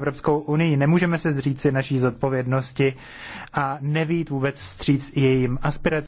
Evropskou unii. Nemůžeme se zříci naší zodpovědnosti a nevít vůbec vstříc jejím aspiracím.